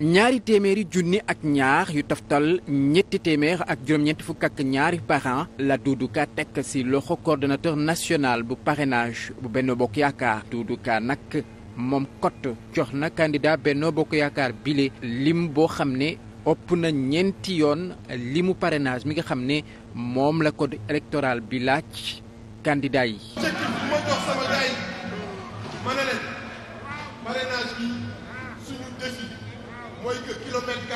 ñaari téeméeri junni ak ñaar yu taftal ñetti téeméer ak juróom-ñeenti fukk ñaari parents la Doudou Ka ci loxo coordonnateur national bu parrainage bu benn Bokk Yaakaar Doudou Ka moom kot jox na candidat Benno Bokk Yaakaar bile lim boo xam ne ëpp na ñeenti yoon limu parrainage mi nga xam ne moom la code électoral bi laaj candidat yi. mooy que kilomètre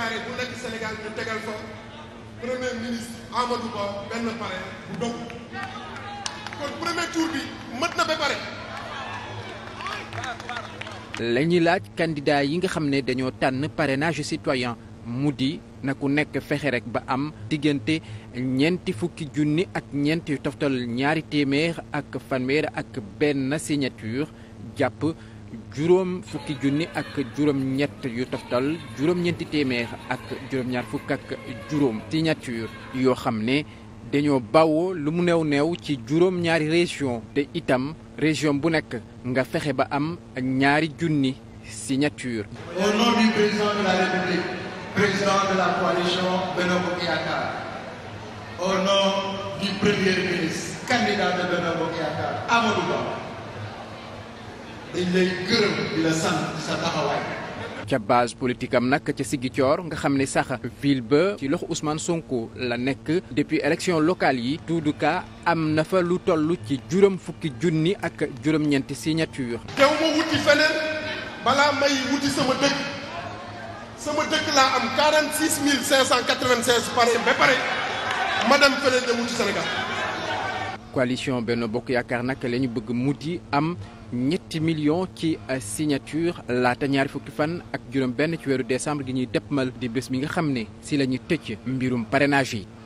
laaj candidat yi nga xam ne dañoo tànn parrainage citoyen mu di na ku nekk fexe rek ba am diggante ñeenti fukki junni ak ñeent yu toftal ñaari téeméer ak fanweer ak benn signature jàpp. juróom fukki junni ak juróom ñett yu toftal juróom ñeenti téeméer ak juróom ñaar fukk ak juróom signature yoo xam ne dañoo bawoo lu mu neew néew ci juróom ñaari région te itam région bu nekk nga fexe ba am ñaari junni signature. Au nom du président de la République, président Bokk Yaakaar, au dañ lay ca base politique am nag ca Ziguinchor nga xam ni sax ville ba ci loxo Ousmane Sonko la nekk depuis élection locale yi Doudou am na fa lu toll ci juróom fukki junni ak juróom-ñeenti signature. teew ma wuti feneen balaa may wuti sama dëkk sama dëkk laa am 46 ba pare ma dem feneen dem wuti Sénégal. coalition Benno Bokk Yaakaar nag lañu bëgg mu di am. ñetti million ci euh, signature laata ñaari fukki fan ak juróom benn ci weeru décembre gi ñuy dëppmal di bés bi nga xam ne si la ñuy tëj mbirum parrainage yi